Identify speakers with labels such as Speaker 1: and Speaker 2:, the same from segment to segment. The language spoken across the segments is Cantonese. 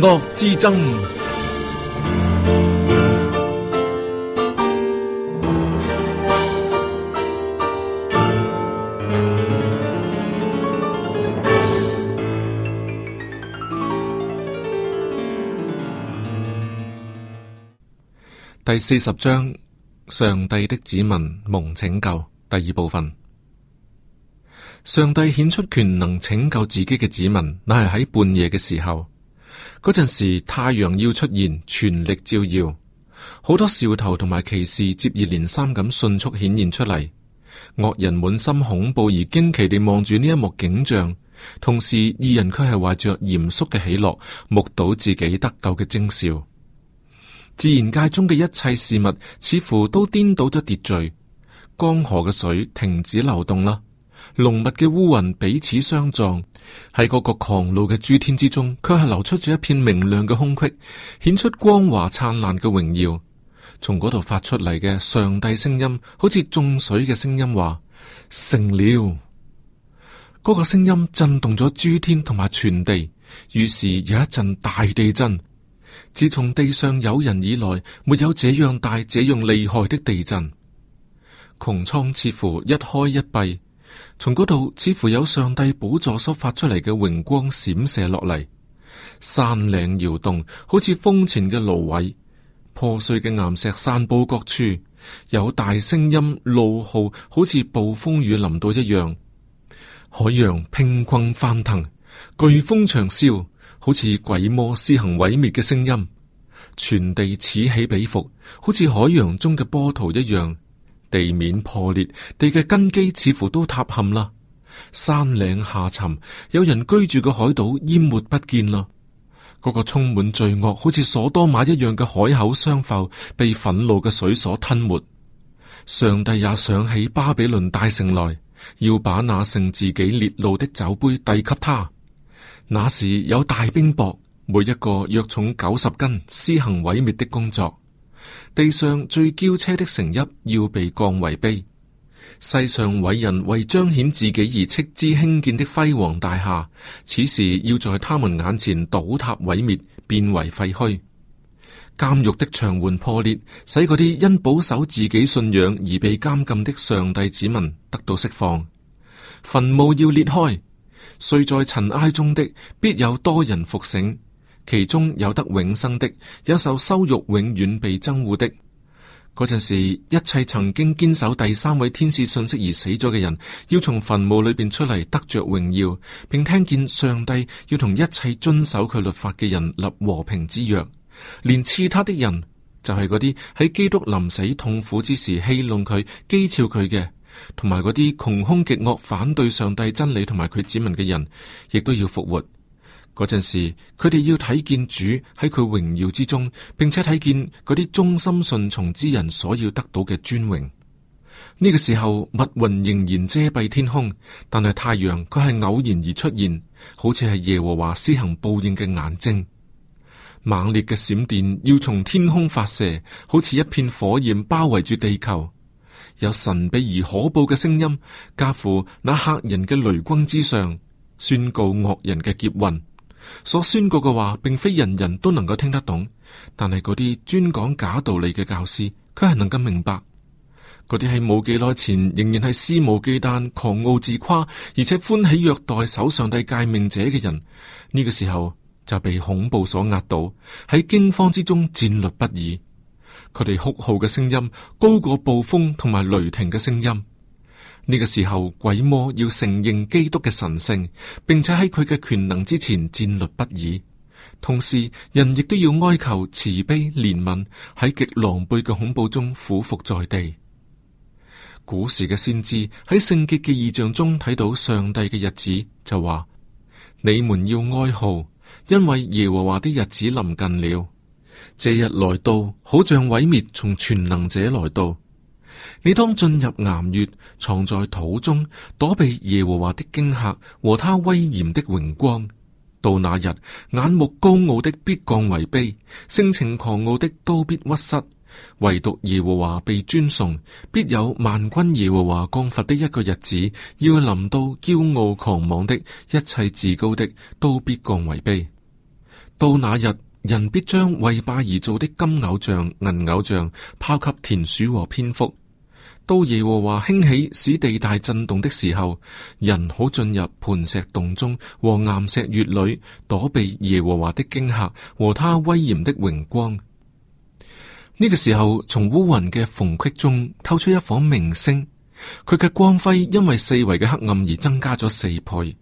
Speaker 1: 惡之爭第四十章：上帝的子民蒙拯救。第二部分：上帝顯出權能拯救自己嘅子民，乃係喺半夜嘅時候。嗰陣時太陽要出現，全力照耀，好多兆頭同埋奇事接二連三咁迅速顯現出嚟。惡人滿心恐怖而驚奇地望住呢一幕景象，同時二人卻係懷着嚴肅嘅喜樂，目睹自己得救嘅徵兆。自然界中嘅一切事物似乎都顛倒咗秩序，江河嘅水停止流動啦。濃密嘅烏雲彼此相撞，喺嗰個狂怒嘅諸天之中，卻係流出住一片明亮嘅空隙，顯出光華燦爛嘅榮耀。從嗰度發出嚟嘅上帝聲音，好似中水嘅聲音話：成了。嗰、那個聲音震動咗諸天同埋全地，於是有一陣大地震。自從地上有人以來，沒有這樣大、這樣厲害的地震。穹蒼似乎一開一閉。從嗰度，似乎有上帝寶座所發出嚟嘅榮光閃射落嚟，山嶺搖動，好似風前嘅蘆葦，破碎嘅岩石散布各處，有大聲音怒號，好似暴風雨臨到一樣；海洋砰訇翻騰，颶風長嘯，好似鬼魔施行毀滅嘅聲音，全地此起彼伏，好似海洋中嘅波濤一樣。地面破裂，地嘅根基似乎都塌陷啦。山嶺下沉，有人居住嘅海島淹沒不見啦。嗰個，個充滿罪惡、好似所多瑪一樣嘅海口商埠被憤怒嘅水所吞沒。上帝也想起巴比倫大城來，要把那盛自己烈怒的酒杯遞給他。那時有大冰雹，每一個約重九十斤，施行毀滅的工作。地上最驕奢的城邑要被降為卑，世上偉人為彰顯自己而斥資興建的輝煌大廈，此時要在他們眼前倒塌毀滅，變為廢墟。監獄的長垣破裂，使嗰啲因保守自己信仰而被監禁的上帝子民得到釋放。墳墓要裂開，睡在塵埃中的必有多人復醒。其中有得永生的，有受羞辱永遠被憎惡的。嗰陣時，一切曾經堅守第三位天使信息而死咗嘅人，要從墳墓裏邊出嚟，得着榮耀，並聽見上帝要同一切遵守佢律法嘅人立和平之約。連刺他的人，就係嗰啲喺基督臨死痛苦之時戲弄佢、譏笑佢嘅，同埋嗰啲窮凶極惡反對上帝真理同埋佢子民嘅人，亦都要復活。嗰陣時，佢哋要睇見主喺佢榮耀之中，並且睇見嗰啲忠心順從之人所要得到嘅尊榮。呢、這個時候，密雲仍然遮蔽天空，但係太陽佢係偶然而出現，好似係耶和華施行報應嘅眼睛。猛烈嘅閃電要從天空發射，好似一片火焰包圍住地球。有神秘而可怖嘅聲音，加附那嚇人嘅雷光之上，宣告惡人嘅劫運。所宣告嘅話，並非人人都能夠聽得懂，但係嗰啲專講假道理嘅教師，佢係能夠明白。嗰啲喺冇幾耐前仍然係肆無忌憚、狂傲自誇，而且歡喜虐待守上帝誡命者嘅人，呢、這個時候就被恐怖所壓倒，喺驚慌之中戰慄不已。佢哋哭號嘅聲音，高過暴風同埋雷霆嘅聲音。呢個時候，鬼魔要承認基督嘅神聖，並且喺佢嘅權能之前戰栗不已；同時，人亦都要哀求慈悲憐憫，喺極狼狽嘅恐怖中俯伏在地。古時嘅先知喺聖潔嘅異象中睇到上帝嘅日子，就話：你們要哀號，因為耶和華的日子臨近了，這日來到，好像毀滅從全能者來到。你當進入岩穴，藏在土中，躲避耶和華的驚嚇和他威嚴的榮光。到那日，眼目高傲的必降為卑，性情狂傲的都必屈膝。唯獨耶和華被尊崇，必有萬軍耶和華降罰的一個日子，要臨到驕傲狂妄的，一切自高的，都必降為卑。到那日，人必將為拜而造的金偶像、銀偶像拋給田鼠和蝙蝠。到耶和華興起，使地大震動的時候，人可進入磐石洞中和岩石穴裏，躲避耶和華的驚嚇和他威嚴的榮光。呢、這個時候，從烏雲嘅縫隙中透出一顆明星，佢嘅光輝因為四圍嘅黑暗而增加咗四倍。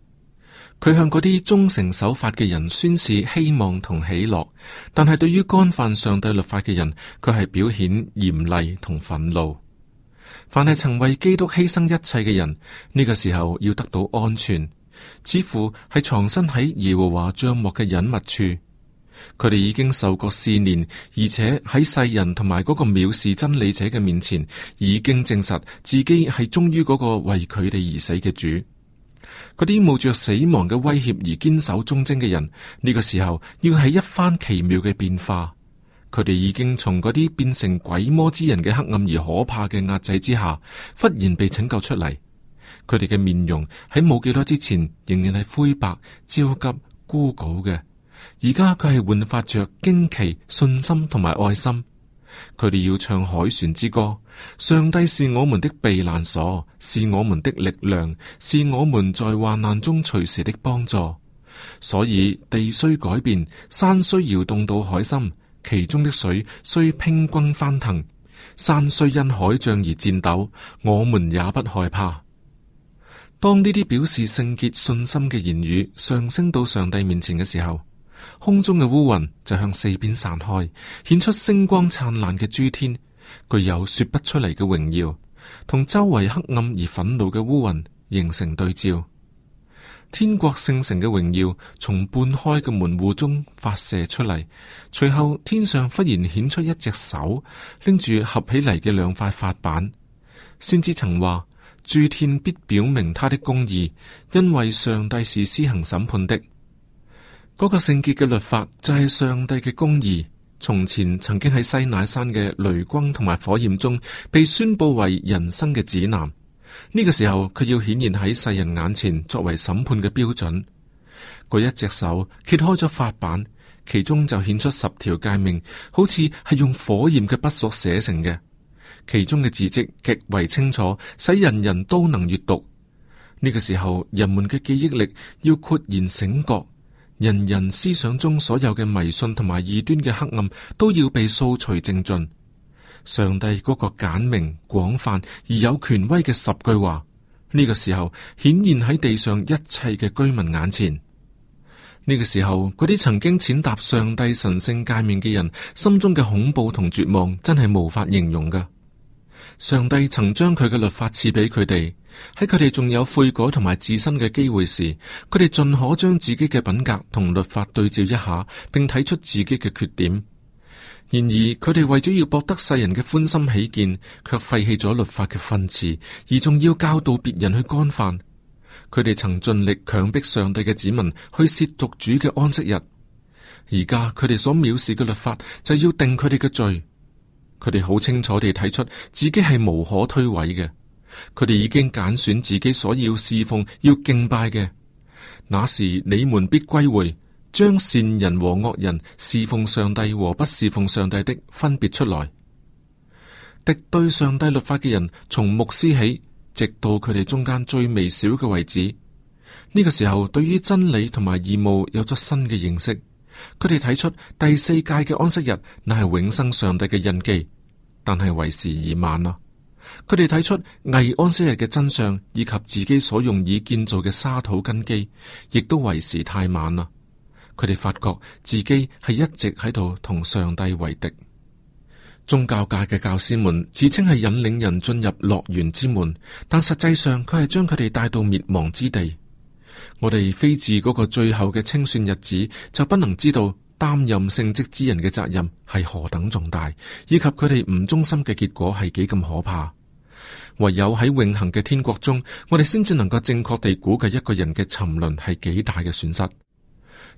Speaker 1: 佢向嗰啲忠誠守法嘅人宣示希望同喜樂，但係對於干犯上帝律法嘅人，佢係表現嚴厲同憤怒。凡係曾為基督犧牲一切嘅人，呢、這個時候要得到安全，似乎係藏身喺耶和華帳幕嘅隱密處。佢哋已經受過試煉，而且喺世人同埋嗰個藐視真理者嘅面前，已經證實自己係忠於嗰個為佢哋而死嘅主。嗰啲冒着死亡嘅威脅而堅守忠貞嘅人，呢、這個時候要喺一番奇妙嘅變化。佢哋已經從嗰啲變成鬼魔之人嘅黑暗而可怕嘅壓制之下，忽然被拯救出嚟。佢哋嘅面容喺冇幾多之前仍然係灰白、焦急、孤稿嘅，而家佢係煥發着驚奇、信心同埋愛心。佢哋要唱海船之歌，上帝是我們的避難所，是我們的力量，是我們在患難中隨時的幫助。所以地雖改變，山雖搖動到海心。其中的水雖砰訇翻騰，山雖因海漲而顫抖，我們也不害怕。當呢啲表示聖潔信心嘅言語上升到上帝面前嘅時候，空中嘅烏雲就向四邊散開，顯出星光燦爛嘅諸天，具有說不出嚟嘅榮耀，同周圍黑暗而憤怒嘅烏雲形成對照。天國聖城嘅榮耀從半開嘅門戶中發射出嚟，隨後天上忽然顯出一隻手，拎住合起嚟嘅兩塊法板。先知曾話：諸天必表明他的公義，因為上帝是施行審判的。嗰個聖潔嘅律法就係上帝嘅公義，從前曾經喺西乃山嘅雷光同埋火焰中被宣布為人生嘅指南。呢個時候，佢要顯現喺世人眼前，作為審判嘅標準。嗰一隻手揭開咗法版，其中就顯出十條誡命，好似係用火焰嘅筆所寫成嘅。其中嘅字跡極為清楚，使人人都能閱讀。呢、這個時候，人們嘅記憶力要豁然醒覺，人人思想中所有嘅迷信同埋異端嘅黑暗都要被掃除淨盡。上帝嗰個簡明、廣泛而有權威嘅十句話，呢個時候顯現喺地上一切嘅居民眼前。呢個時候，嗰啲曾經踐踏上帝神聖界面嘅人心中嘅恐怖同絕望，真係無法形容噶。上帝曾將佢嘅律法賜俾佢哋，喺佢哋仲有悔改同埋自新嘅機會時，佢哋盡可將自己嘅品格同律法對照一下，並睇出自己嘅缺點。然而，佢哋為咗要博得世人嘅歡心起見，卻廢棄咗律法嘅訓詞，而仲要教導別人去干犯。佢哋曾盡力強迫上帝嘅子民去褻瀆主嘅安息日。而家佢哋所藐視嘅律法，就要定佢哋嘅罪。佢哋好清楚地睇出自己係無可推諉嘅。佢哋已經揀選自己所要侍奉、要敬拜嘅，那時你們必歸回。將善人和惡人侍奉上帝和不侍奉上帝的分別出來，敵對上帝律法嘅人從牧師起，直到佢哋中間最微小嘅位置。呢、這個時候，對於真理同埋義務有咗新嘅認識。佢哋睇出第四誡嘅安息日乃係永生上帝嘅印記，但係為時已晚啦。佢哋睇出偽安息日嘅真相，以及自己所用以建造嘅沙土根基，亦都為時太晚啦。佢哋發覺自己係一直喺度同上帝為敵，宗教界嘅教師們自稱係引領人進入樂園之門，但實際上佢係將佢哋帶到滅亡之地。我哋非至嗰個最後嘅清算日子，就不能知道擔任聖職之人嘅責任係何等重大，以及佢哋唔忠心嘅結果係幾咁可怕。唯有喺永恆嘅天國中，我哋先至能夠正確地估計一個人嘅沉淪係幾大嘅損失。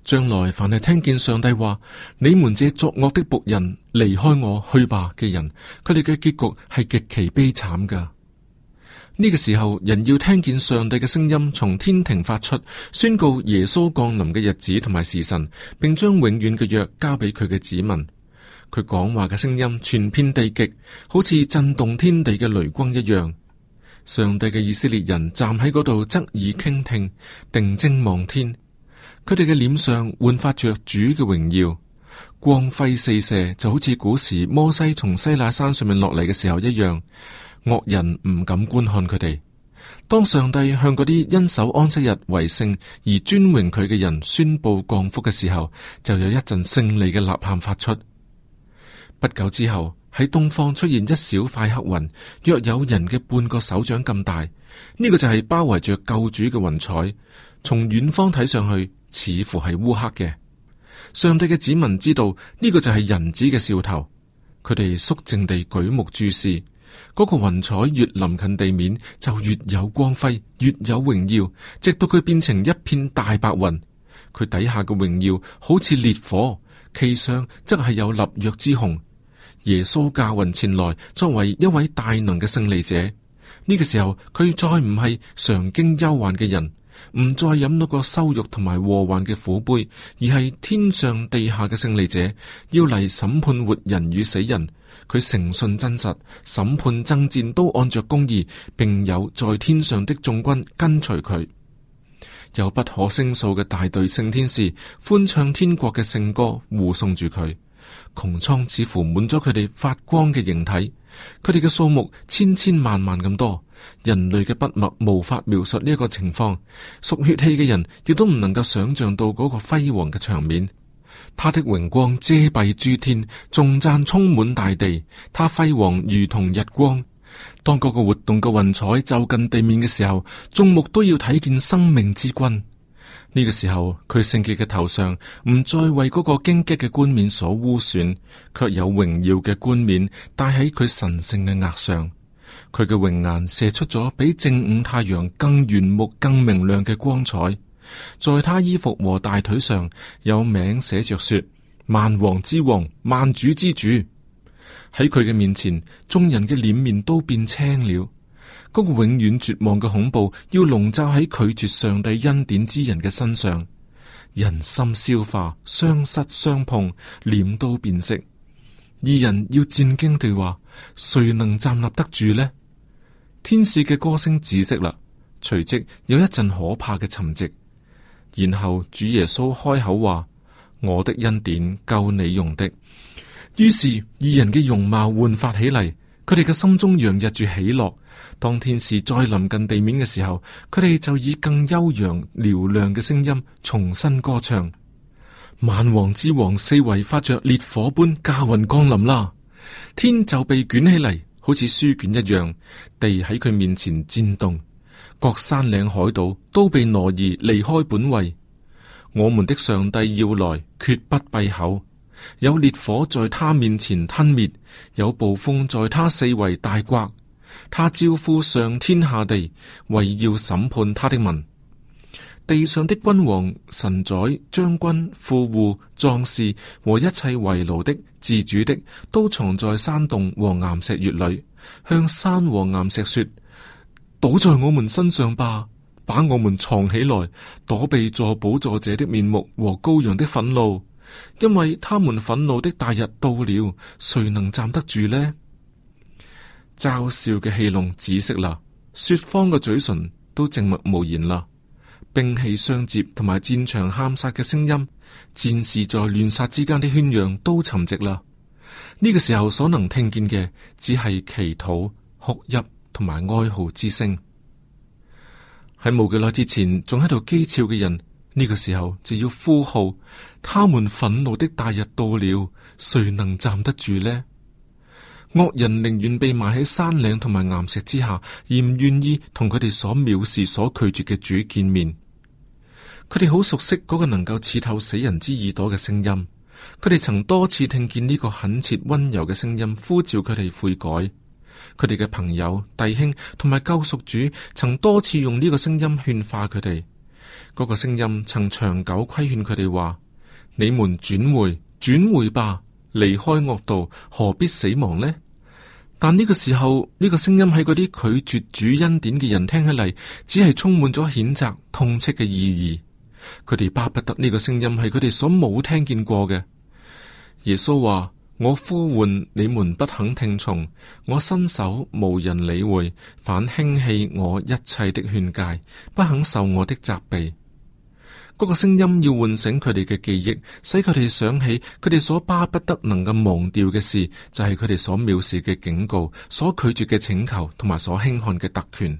Speaker 1: 將來凡係聽見上帝話：你們這作惡的僕人，離開我去吧嘅人，佢哋嘅結局係極其悲慘噶。呢個時候，人要聽見上帝嘅聲音從天庭發出，宣告耶穌降臨嘅日子同埋時辰，並將永遠嘅約交俾佢嘅子民。佢講話嘅聲音傳遍地極，好似震動天地嘅雷光一樣。上帝嘅以色列人站喺嗰度，側耳傾聽，定睛望天。佢哋嘅臉上煥發着主嘅榮耀，光輝四射，就好似古時摩西從西奈山上面落嚟嘅時候一樣。惡人唔敢觀看佢哋。當上帝向嗰啲因守安息日為聖而尊榮佢嘅人宣布降福嘅時候，就有一陣勝利嘅吶喊發出。不久之後，喺東方出現一小塊黑雲，若有人嘅半個手掌咁大。呢個就係包圍着救主嘅雲彩，從遠方睇上去，似乎係烏黑嘅，上帝嘅子民知道呢、這個就係人子嘅兆頭，佢哋肅靜地舉目注視。嗰、那個雲彩越臨近地面，就越有光輝，越有榮耀，直到佢變成一片大白雲。佢底下嘅榮耀好似烈火，其上則係有立約之虹。耶穌駕雲前來，作為一位大能嘅勝利者。呢、這個時候，佢再唔係常經憂患嘅人。唔再飲到個羞辱同埋禍患嘅苦杯，而係天上地下嘅勝利者，要嚟審判活人與死人。佢誠信真實，審判爭戰都按着公義，並有在天上的眾軍跟隨佢，有不可勝數嘅大隊聖天使，歡唱天國嘅聖歌，護送住佢。穹蒼似乎滿咗佢哋發光嘅形體，佢哋嘅數目千千萬萬咁多，人類嘅筆墨無法描述呢個情況，屬血氣嘅人亦都唔能夠想象到嗰個輝煌嘅場面。他的榮光遮蔽諸天，頌讚充滿大地，他輝煌如同日光。當嗰個活動嘅雲彩就近地面嘅時候，眾目都要睇見生命之君。呢個時候，佢聖潔嘅頭上唔再為嗰個荊棘嘅冠冕所污損，卻有榮耀嘅冠冕戴喺佢神聖嘅額上。佢嘅榮顏射出咗比正午太陽更圓目、更明亮嘅光彩。在他衣服和大腿上，有名寫着說：萬王之王，萬主之主。喺佢嘅面前，眾人嘅臉面都變青了。嗰個永遠絕望嘅恐怖要籠罩喺拒絕上帝恩典之人嘅身上，人心消化，相失相碰，臉都變色。二人要戰驚對話，誰能站立得住呢？天使嘅歌聲止息啦，隨即有一陣可怕嘅沉寂，然後主耶穌開口話：我的恩典夠你用的。於是二人嘅容貌煥發起嚟，佢哋嘅心中洋溢住喜樂。當天使再臨近地面嘅時候，佢哋就以更悠揚嘹亮嘅聲音重新歌唱。萬王之王四圍發着烈火般駕雲降臨啦，天就被捲起嚟，好似書卷一樣；地喺佢面前震動，各山嶺海島都被挪移離開本位。我們的上帝要來，決不閉口。有烈火在他面前吞滅，有暴風在他四圍大刮。他招呼上天下地，為要審判他的民。地上的君王、神宰、將軍、富戶、壯士和一切為奴的、自主的，都藏在山洞和岩石穴裏，向山和岩石說：倒在我們身上吧，把我們藏起來，躲避助幫助者的面目和羔羊的憤怒，因為他們憤怒的大日到了，誰能站得住呢？嘲笑嘅戲弄止息啦，說謊嘅嘴唇都靜默無言啦。兵器相接同埋戰場喊殺嘅聲音，戰士在亂殺之間的喧嚷都沉寂啦。呢、這個時候所能聽見嘅，只係祈禱、哭泣同埋哀號之聲。喺冇幾耐之前仲喺度譏笑嘅人，呢、這個時候就要呼號，他們憤怒的大日到了，誰能站得住呢？惡人寧願被埋喺山嶺同埋岩石之下，而唔願意同佢哋所藐視、所拒絕嘅主見面。佢哋好熟悉嗰個能夠刺透死人之耳朵嘅聲音。佢哋曾多次聽見呢個懇切温柔嘅聲音呼召佢哋悔改。佢哋嘅朋友、弟兄同埋救贖主曾多次用呢個聲音勸化佢哋。嗰、那個聲音曾長久規勸佢哋話：「你們轉回，轉回吧。離開惡道，何必死亡呢？但呢個時候，呢個聲音喺嗰啲拒絕主恩典嘅人聽起嚟，只係充滿咗譴責、痛斥嘅意義。佢哋巴不得呢個聲音係佢哋所冇聽見過嘅。耶穌話：我呼喚你們，不肯聽從；我伸手，無人理會，反輕棄我一切的勸誡，不肯受我的責備。嗰個聲音要喚醒佢哋嘅記憶，使佢哋想起佢哋所巴不得能夠忘掉嘅事，就係佢哋所藐視嘅警告，所拒絕嘅請求同埋所輕看嘅特權。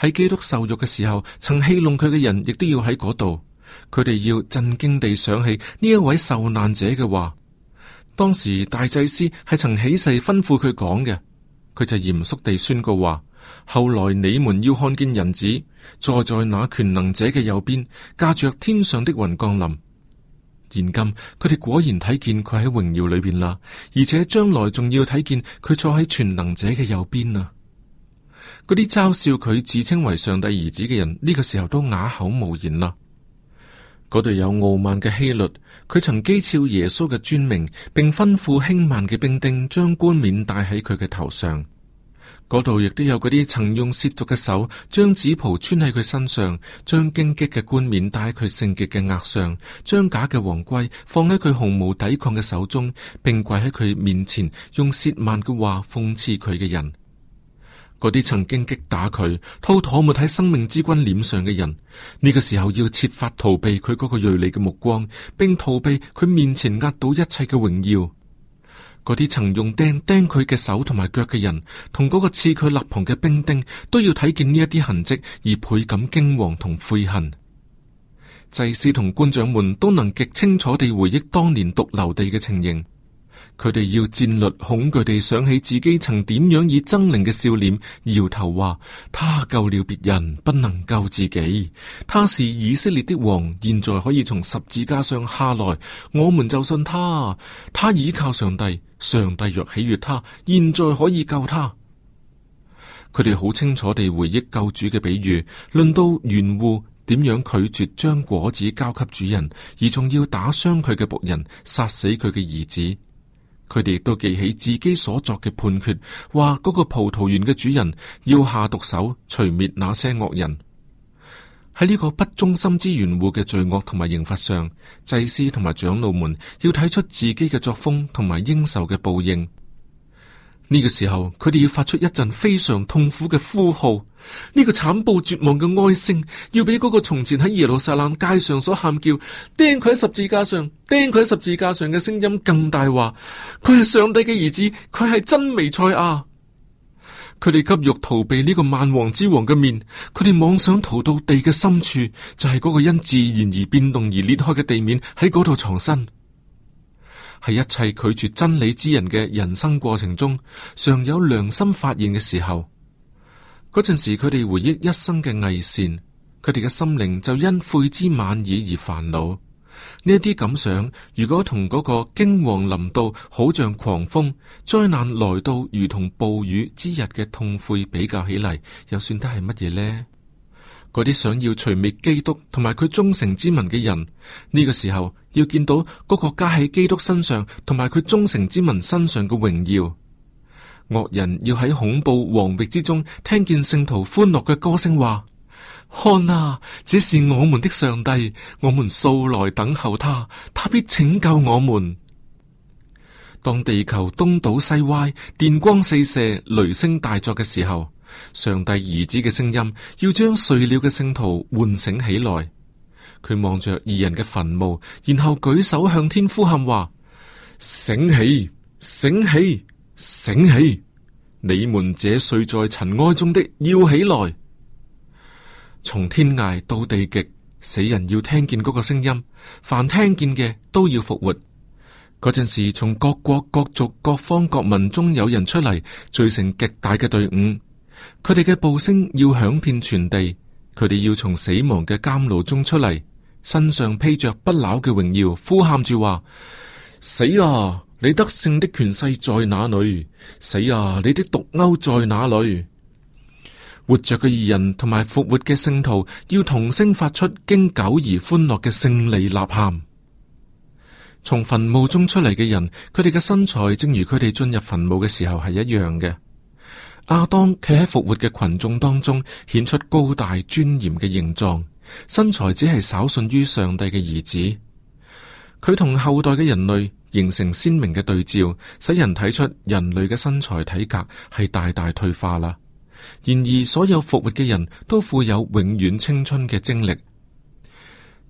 Speaker 1: 喺基督受辱嘅時候，曾戲弄佢嘅人，亦都要喺嗰度。佢哋要震驚地想起呢一位受難者嘅話。當時大祭司係曾起誓吩咐佢講嘅，佢就嚴肅地宣告話。後來你們要看見人子坐在那權能者嘅右邊，架着天上的雲降臨。現今佢哋果然睇見佢喺榮耀裏邊啦，而且將來仲要睇見佢坐喺全能者嘅右邊啊！嗰啲嘲笑佢自稱為上帝兒子嘅人，呢個時候都啞口無言啦。嗰對有傲慢嘅希律，佢曾譏笑耶穌嘅尊名，並吩咐輕慢嘅兵丁將冠冕戴喺佢嘅頭上。嗰度亦都有嗰啲曾用褻瀆嘅手將紫袍穿喺佢身上，將荊棘嘅冠冕戴喺佢聖潔嘅額上，將假嘅皇冠放喺佢毫無抵抗嘅手中，並跪喺佢面前用褻慢嘅話諷刺佢嘅人。嗰啲曾經擊打佢、吐唾沫喺生命之君臉上嘅人，呢個時候要設法逃避佢嗰個銳利嘅目光，並逃避佢面前壓倒一切嘅榮耀。嗰啲曾用釘釘佢嘅手同埋腳嘅人，同嗰個刺佢肋旁嘅兵丁，都要睇見呢一啲痕跡而倍感驚惶同悔恨。祭司同官長們都能極清楚地回憶當年獨留地嘅情形。佢哋要戰慄恐懼地想起自己曾點樣以猙獰嘅笑臉搖頭話：他救了別人，不能救自己。他是以色列的王，現在可以從十字架上下來。我們就信他，他倚靠上帝，上帝若喜悅他，現在可以救他。佢哋好清楚地回憶救主嘅比喻，論到園戶點樣拒絕將果子交給主人，而仲要打傷佢嘅僕人，殺死佢嘅兒子。佢哋亦都記起自己所作嘅判決，話嗰個葡萄園嘅主人要下毒手，除滅那些惡人。喺呢個不忠心之園戶嘅罪惡同埋刑罰上，祭司同埋長老們要睇出自己嘅作風同埋應受嘅報應。呢個時候，佢哋要發出一陣非常痛苦嘅呼號。呢個慘暴絕望嘅哀聲，要比嗰個從前喺耶路撒冷街上所喊叫，釘佢喺十字架上，釘佢喺十字架上嘅聲音更大話，話佢係上帝嘅兒子，佢係真彌賽亞。佢哋急欲逃避呢個萬王之王嘅面，佢哋妄想逃到地嘅深處，就係、是、嗰個因自然而變動而裂開嘅地面喺嗰度藏身。喺一切拒絕真理之人嘅人生過程中，常有良心發現嘅時候。嗰陣時，佢哋回憶一生嘅偽善，佢哋嘅心靈就因悔之晚矣而煩惱。呢一啲感想，如果同嗰個驚惶臨到，好像狂風、災難來到如同暴雨之日嘅痛悔比較起嚟，又算得係乜嘢呢？嗰啲想要除滅基督同埋佢忠誠之民嘅人，呢、這個時候要見到嗰個加喺基督身上同埋佢忠誠之民身上嘅榮耀。惡人要喺恐怖惶惑之中聽見聖徒歡樂嘅歌聲，話：看啊，這是我們的上帝，我們素來等候他，他必拯救我們。當地球東倒西歪、電光四射、雷聲大作嘅時候，上帝兒子嘅聲音要將睡了嘅聖徒喚醒起來。佢望着二人嘅墳墓，然後舉手向天呼喊：話醒起，醒起！醒起！你們這睡在塵埃中的，要起來。從天涯到地極，死人要聽見嗰個聲音，凡聽見嘅都要復活。嗰陣時，從各國各族各方各民中有人出嚟，聚成極大嘅隊伍，佢哋嘅步聲要響遍全地，佢哋要從死亡嘅監牢中出嚟，身上披着不朽嘅榮耀，呼喊住話：死啊！你得勝的權勢在哪裏？死啊！你的毒鈎在哪裏？活着嘅義人同埋復活嘅聖徒，要同聲發出經久而歡樂嘅勝利吶喊。從墳墓中出嚟嘅人，佢哋嘅身材正如佢哋進入墳墓嘅時候係一樣嘅。亞當企喺復活嘅群眾當中，顯出高大尊嚴嘅形狀，身材只係稍遜於上帝嘅兒子。佢同後代嘅人類形成鮮明嘅對照，使人睇出人類嘅身材體格係大大退化啦。然而，所有復活嘅人都富有永遠青春嘅精力。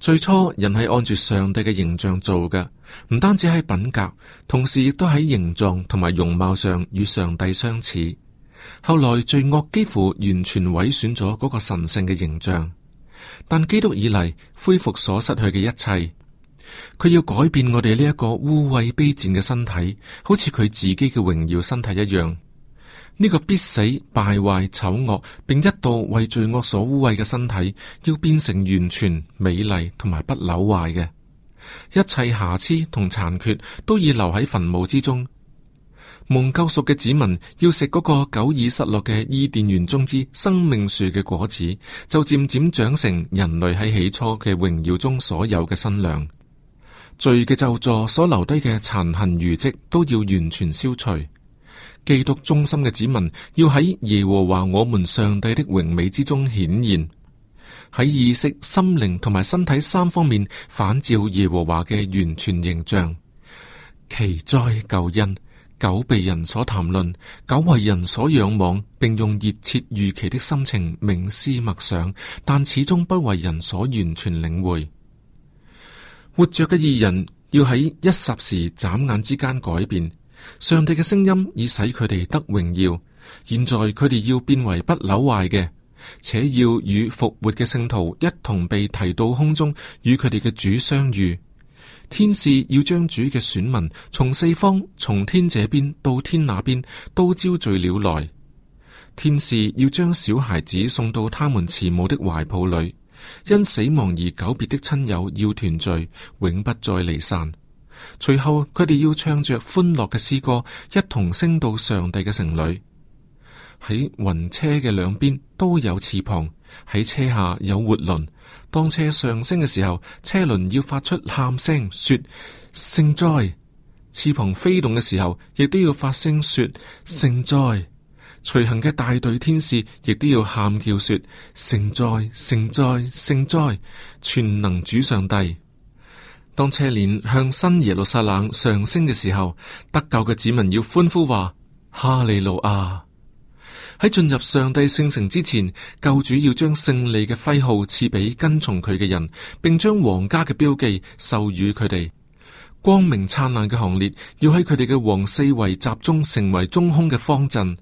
Speaker 1: 最初人係按住上帝嘅形象做嘅，唔單止喺品格，同時亦都喺形狀同埋容貌上與上帝相似。後來罪惡幾乎完全毀損咗嗰個神聖嘅形象，但基督以嚟恢復所失去嘅一切。佢要改變我哋呢一個污穢卑賤嘅身體，好似佢自己嘅榮耀身體一樣。呢、這個必死敗壞醜惡，並一度為罪惡所污穢嘅身體，要變成完全美麗同埋不朽壞嘅。一切瑕疵同殘缺，都已留喺墳墓之中。蒙救贖嘅子民要食嗰個久已失落嘅伊甸園中之生命樹嘅果子，就漸漸長成人類喺起初嘅榮耀中所有嘅身量。罪嘅咒詛所留低嘅殘痕餘迹都要完全消除，基督忠心嘅子民要喺耶和華我們上帝的榮美之中顯現，喺意識、心靈同埋身體三方面反照耶和華嘅完全形象。奇哉！救恩，久被人所談論，久為人所仰望，並用熱切預期的心情冥思默想，但始終不為人所完全領會。活着嘅義人要喺一霎時、眨眼之間改變。上帝嘅聲音已使佢哋得榮耀，現在佢哋要變為不朽壞嘅，且要與復活嘅聖徒一同被提到空中，與佢哋嘅主相遇。天使要將主嘅選民從四方、從天這邊到天那邊都招聚了來。天使要將小孩子送到他們慈母的懷抱裏。因死亡而久別的親友要團聚，永不再離散。隨後佢哋要唱着歡樂嘅詩歌，一同升到上帝嘅城裏。喺雲車嘅兩邊都有翅膀，喺車下有活輪。當車上升嘅時候，車輪要發出喊聲，說聖哉；翅膀飛動嘅時候，亦都要發聲說聖哉。隨行嘅大隊天使亦都要喊叫說：聖哉，聖哉，聖哉！全能主上帝。當車輦向新耶路撒冷上升嘅時候，得救嘅子民要歡呼話：哈利路亞、啊！喺進入上帝聖城之前，救主要將勝利嘅徽號賜俾跟從佢嘅人，並將皇家嘅標記授予佢哋。光明燦爛嘅行列要喺佢哋嘅王四圍集中，成為中空嘅方陣。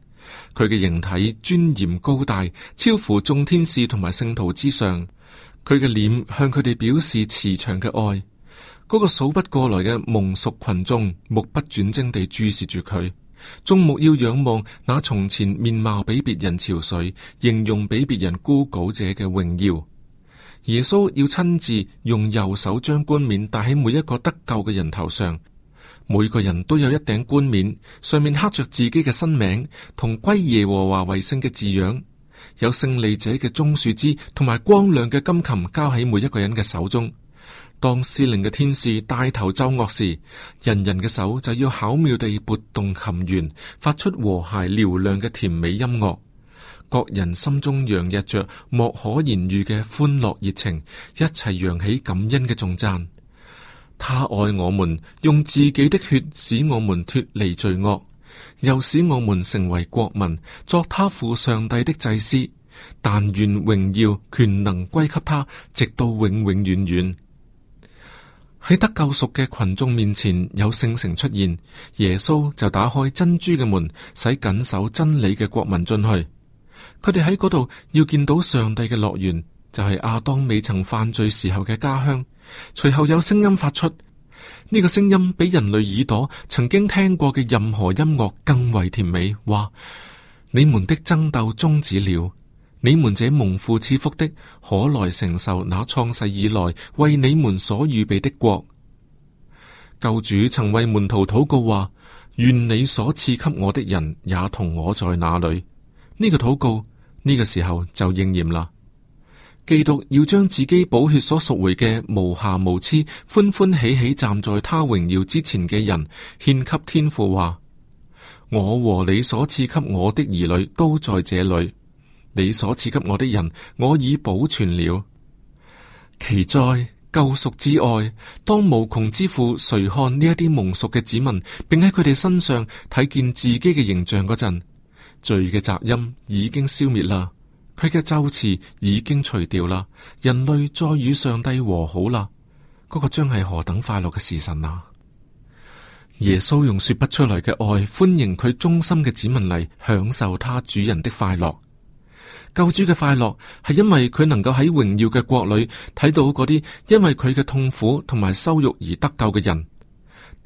Speaker 1: 佢嘅形體尊嚴高大，超乎眾天使同埋聖徒之上。佢嘅臉向佢哋表示慈祥嘅愛。嗰、那個數不過來嘅蒙贖群眾，目不轉睛地注視住佢。眾目要仰望那從前面貌比別人憔悴、形容比別人枯槁者嘅榮耀。耶穌要親自用右手將冠冕戴喺每一個得救嘅人頭上。每個人都有一頂冠冕，上面刻着自己嘅新名同歸耶和華為聖嘅字樣，有勝利者嘅棕樹枝同埋光亮嘅金琴交喺每一個人嘅手中。當司令嘅天使帶頭奏樂時，人人嘅手就要巧妙地撥動琴弦，發出和諧嘹亮嘅甜美音樂。各人心中洋溢着莫可言喻嘅歡樂熱情，一齊揚起感恩嘅頌讚。他愛我們，用自己的血使我們脫離罪惡，又使我們成為國民，作他父上帝的祭司。但願榮耀權能歸給他，直到永永遠遠。喺得救贖嘅群眾面前，有聖城出現，耶穌就打開珍珠嘅門，使謹守真理嘅國民進去。佢哋喺嗰度要見到上帝嘅樂園。就係亞當未曾犯罪時候嘅家鄉。隨後有聲音發出，呢、這個聲音比人類耳朵曾經聽過嘅任何音樂更為甜美。話你們的爭鬥終止了，你們這蒙父賜福的，可來承受那創世以來為你們所預備的國。舊主曾為門徒禱告話：願你所賜給我的人也同我在那裏。呢、這個禱告呢、這個時候就應驗啦。基督要將自己寶血所贖回嘅無瑕無疵、歡歡喜喜站在他榮耀之前嘅人，獻給天父話：我和你所賜給我的兒女都在這裏，你所賜給我的人，我已保存了。其在救贖之外，當無窮之父垂看呢一啲蒙贖嘅子民，並喺佢哋身上睇見自己嘅形象嗰陣，罪嘅雜音已經消滅啦。佢嘅咒詞已經除掉啦，人類再與上帝和好啦，嗰、這個將係何等快樂嘅時辰啊！耶穌用說不出來嘅愛歡迎佢忠心嘅子民嚟，享受他主人的快樂。救主嘅快樂係因為佢能夠喺榮耀嘅國裏睇到嗰啲因為佢嘅痛苦同埋羞辱而得救嘅人。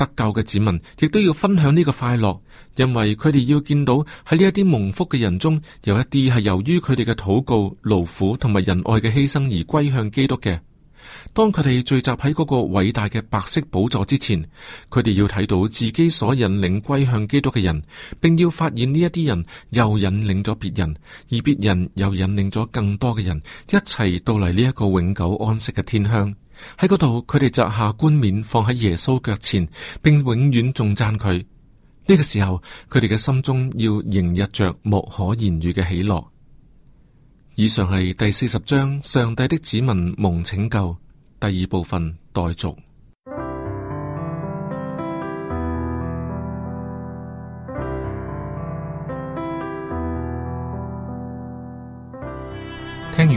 Speaker 1: 得救嘅子民亦都要分享呢個快樂，因為佢哋要見到喺呢一啲蒙福嘅人中，有一啲係由於佢哋嘅禱告、勞苦同埋仁愛嘅犧牲而歸向基督嘅。當佢哋聚集喺嗰個偉大嘅白色寶座之前，佢哋要睇到自己所引領歸向基督嘅人，並要發現呢一啲人又引領咗別人，而別人又引領咗更多嘅人，一齊到嚟呢一個永久安息嘅天鄉。喺嗰度，佢哋摘下冠冕放喺耶穌腳前，並永遠重讚佢。呢、這個時候，佢哋嘅心中要迎日着莫可言喻嘅喜樂。以上係第四十章上帝的子民蒙拯救第二部分待續。代